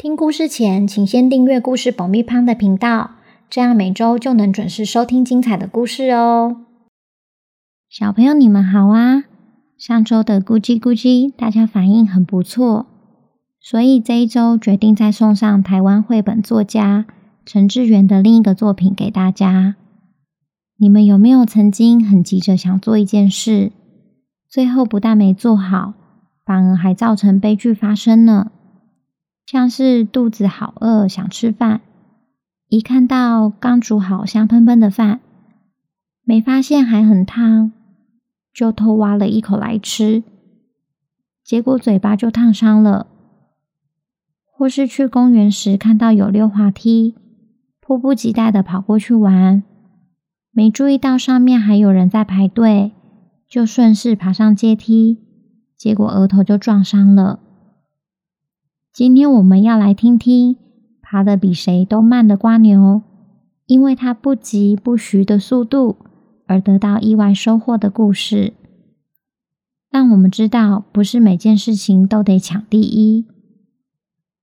聽故事前，請先訂閱“故事爆米花”的頻道，這樣每周就能準時收聽精彩的故事哦。小朋友，你們好啊！上周的 “Guji Guji” 大家反應很不錯，所以這一周決定再送上台灣繪本作家陳致元的另一個作品給大家。你們有沒有曾經很急着想做一件事，最後不但沒做好，反而還造成悲劇發生呢？像是肚子好餓，想吃飯，一看到剛煮好香噴噴的飯，沒發現還很燙，就偷挖了一口來吃，結果嘴巴就燙傷了。或是去公園時看到有溜滑梯，迫不及待的跑過去玩，沒注意到上面還有人在排隊，就順勢爬上階梯，結果額頭就撞傷了。今天我們要來聽聽爬得比誰都慢的蝸牛，因為它不急不徐的速度，而得到意外收穫的故事，讓我們知道不是每件事情都得搶第一，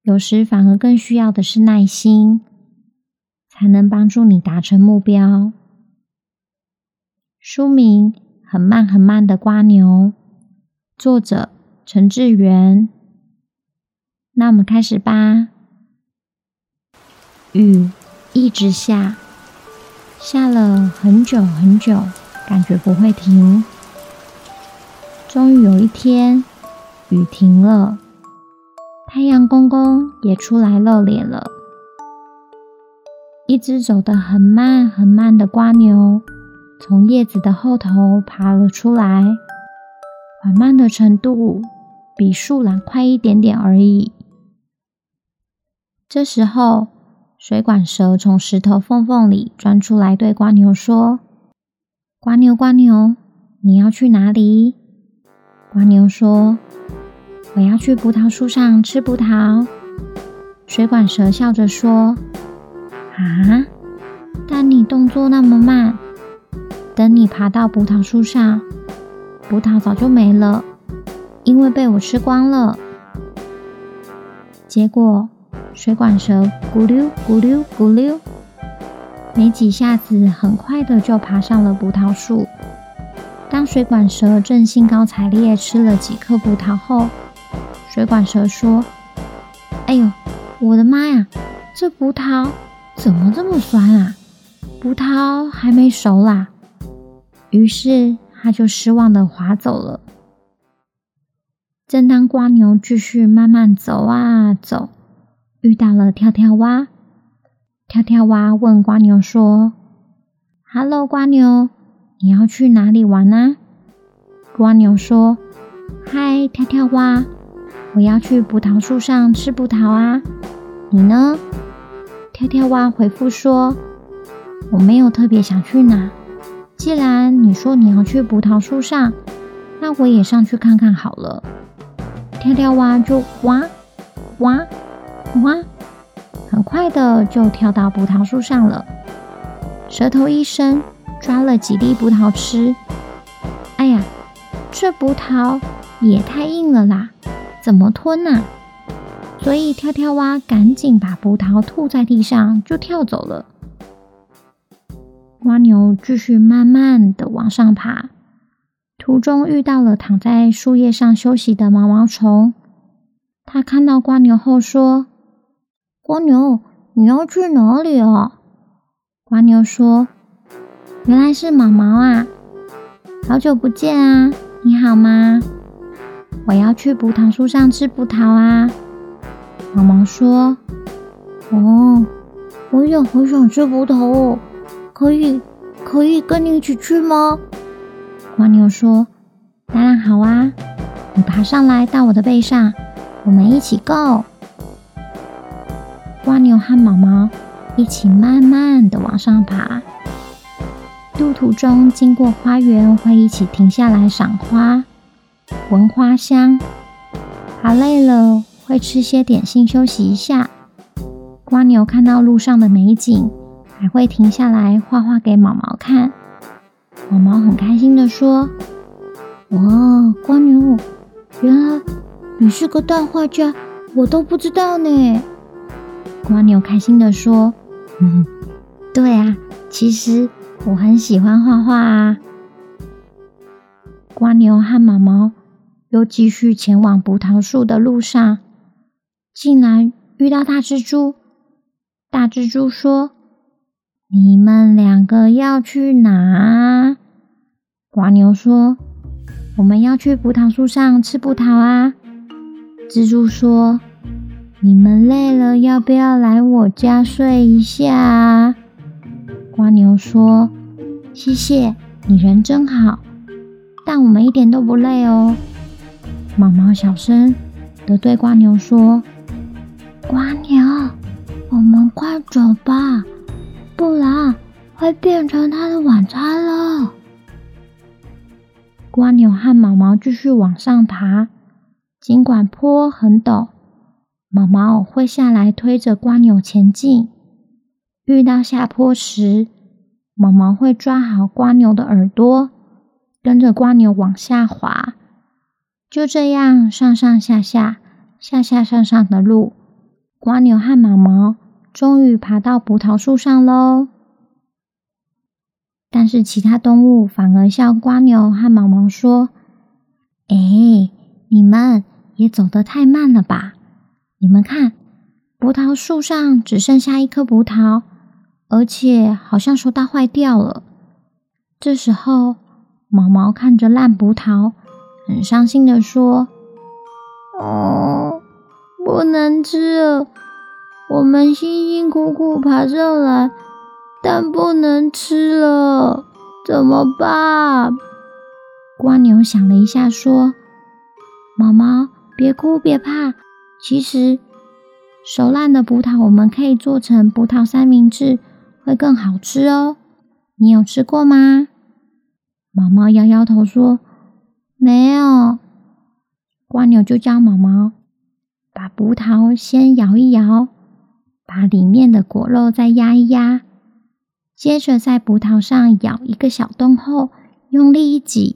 有時反而更需要的是耐心，才能幫助你達成目標。書名：很慢很慢的蝸牛，作者：陳致元。那我們開始吧。雨一直下，下了很久很久，感覺不會停。終於有一天，雨停了，太陽公公也出來露臉了。一直走得很慢很慢的蝸牛，從葉子的後頭爬了出來，緩慢的程度比樹懶快一點點而已。這時候，水管蛇從石頭縫縫裡鑽出來，對蝸牛說：“蝸牛，蝸牛，你要去哪裡？”蝸牛說：“我要去葡萄樹上吃葡萄。”水管蛇笑着說：“啊，但你動作那麼慢，等你爬到葡萄樹上，葡萄早就沒了，因為被我吃光了。”結果。水管蛇咕溜咕溜咕溜，沒幾下子，很快的就爬上了葡萄樹。當水管蛇正興高采烈吃了幾顆葡萄後，水管蛇說：“哎呦，我的媽呀，這葡萄怎麼這麼酸啊？葡萄還沒熟啦！”於是，它就失望的滑走了。正當蝸牛繼續慢慢走啊走。遇到了跳跳蛙，跳跳蛙問蝸牛說：“Hello，蝸牛，你要去哪裡玩呢？”蝸牛說：“嗨，跳跳蛙，我要去葡萄樹上吃葡萄啊。你呢？”跳跳蛙回復說：“我沒有特別想去哪。既然你說你要去葡萄樹上，那我也上去看看好了。”跳跳蛙就呱呱蛙很快的就跳到葡萄樹上了，舌頭一伸，抓了幾粒葡萄吃。哎呀，這葡萄也太硬了啦，怎麼吞啊？所以跳跳蛙趕緊把葡萄吐在地上，就跳走了。蝸牛繼續慢慢的往上爬，途中遇到了躺在樹葉上休息的毛毛蟲，他看到蝸牛後說。蝸牛，你要去哪裡啊？蝸牛說：“原來是毛毛啊，好久不見啊，你好嗎？我要去葡萄樹上吃葡萄啊。”毛毛說：“哦，我也很想吃葡萄哦，可以，可以跟你一起去嗎？”蝸牛說：“當然好啊，你爬上來到我的背上，我們一起 go。”蝸牛和毛毛一起慢慢的往上爬，路途中經過花園，會一起停下來賞花、聞花香。爬累了，會吃些點心休息一下。蝸牛看到路上的美景，還會停下來畫畫給毛毛看。毛毛很開心地說：“哇，蝸牛，原來你是個大畫家，我都不知道呢。”蝸牛開心的說：“嗯，對啊，其實我很喜歡畫畫啊。”蝸牛和毛毛又繼續前往葡萄樹的路上，竟然遇到大蜘蛛。大蜘蛛說：“你們兩個要去哪？”蝸牛說：“我們要去葡萄樹上吃葡萄啊。”蜘蛛說。你們累了，要不要來我家睡一下啊？蝸牛說：“謝謝，你人真好。”但我們一點都不累哦。毛毛小聲的對蝸牛說：“蝸牛，我們快走吧，不然會變成他的晚餐了。”蝸牛和毛毛繼續往上爬，儘管坡很陡。毛毛會下來推着蝸牛前進，遇到下坡時，毛毛會抓好蝸牛的耳朵，跟着蝸牛往下滑。就這樣上上下下、下下上上的路，蝸牛和毛毛終於爬到葡萄樹上嘍。但是其他動物反而向蝸牛和毛毛說：“哎，你們也走得太慢了吧？”你們看，葡萄樹上只剩下一顆葡萄，而且好像熟到壞掉了。這時候，毛毛看着爛葡萄，很傷心地說：“哦，不能吃了！我們辛辛苦苦爬上來，但不能吃了，怎麼辦？”蝸牛想了一下，說：“毛毛，別哭，別怕。”其實，熟爛的葡萄我們可以做成葡萄三明治，會更好吃哦。你有吃過嗎？毛毛搖搖頭說：“沒有。”蝸牛就教毛毛把葡萄先搖一搖，把裡面的果肉再壓一壓，接着在葡萄上咬一個小洞後，用力一擠，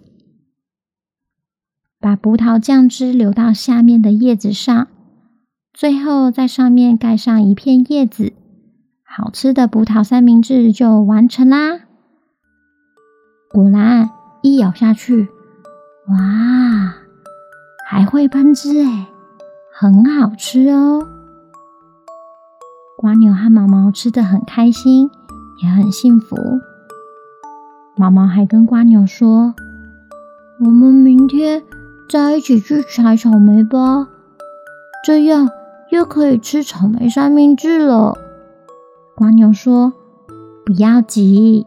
把葡萄醬汁流到下面的葉子上。最後，在上面蓋上一片葉子，好吃的葡萄三明治就完成啦！果然一咬下去，哇，還會噴汁哎，很好吃哦！蝸牛和毛毛吃得很開心，也很幸福。毛毛還跟蝸牛說：“我們明天再一起去採草莓吧，這樣。”又可以吃草莓三明治了。蝸牛說：“不要急，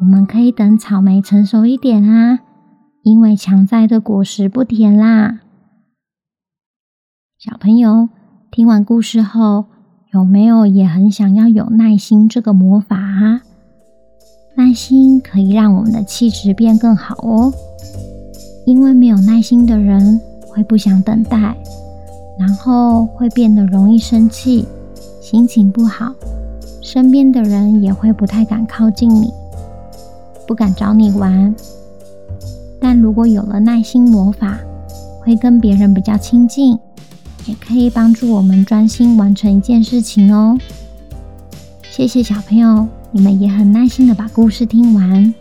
我們可以等草莓成熟一點啊，因為強摘的果實不甜啦。”小朋友聽完故事後，有沒有也很想要有耐心這個魔法啊？耐心可以讓我們的氣質變更好哦，因為沒有耐心的人會不想等待。然後會變得容易生氣，心情不好，身邊的人也會不太敢靠近你，不敢找你玩。但如果有了耐心魔法，會跟別人比較親近，也可以幫助我們專心完成一件事情哦。謝謝小朋友，你們也很耐心的把故事聽完。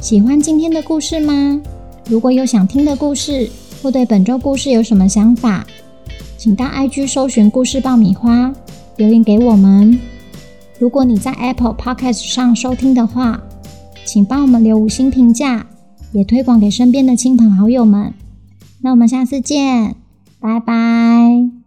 喜歡今天的故事嗎？如果有想聽的故事，或對本周故事有什麼想法，請到 IG 搜尋“故事爆米花”留言給我們。如果你在 Apple Podcast 上收聽的話，請幫我們留五星評價，也推廣給身邊的親朋好友們。那我們下次見，拜拜。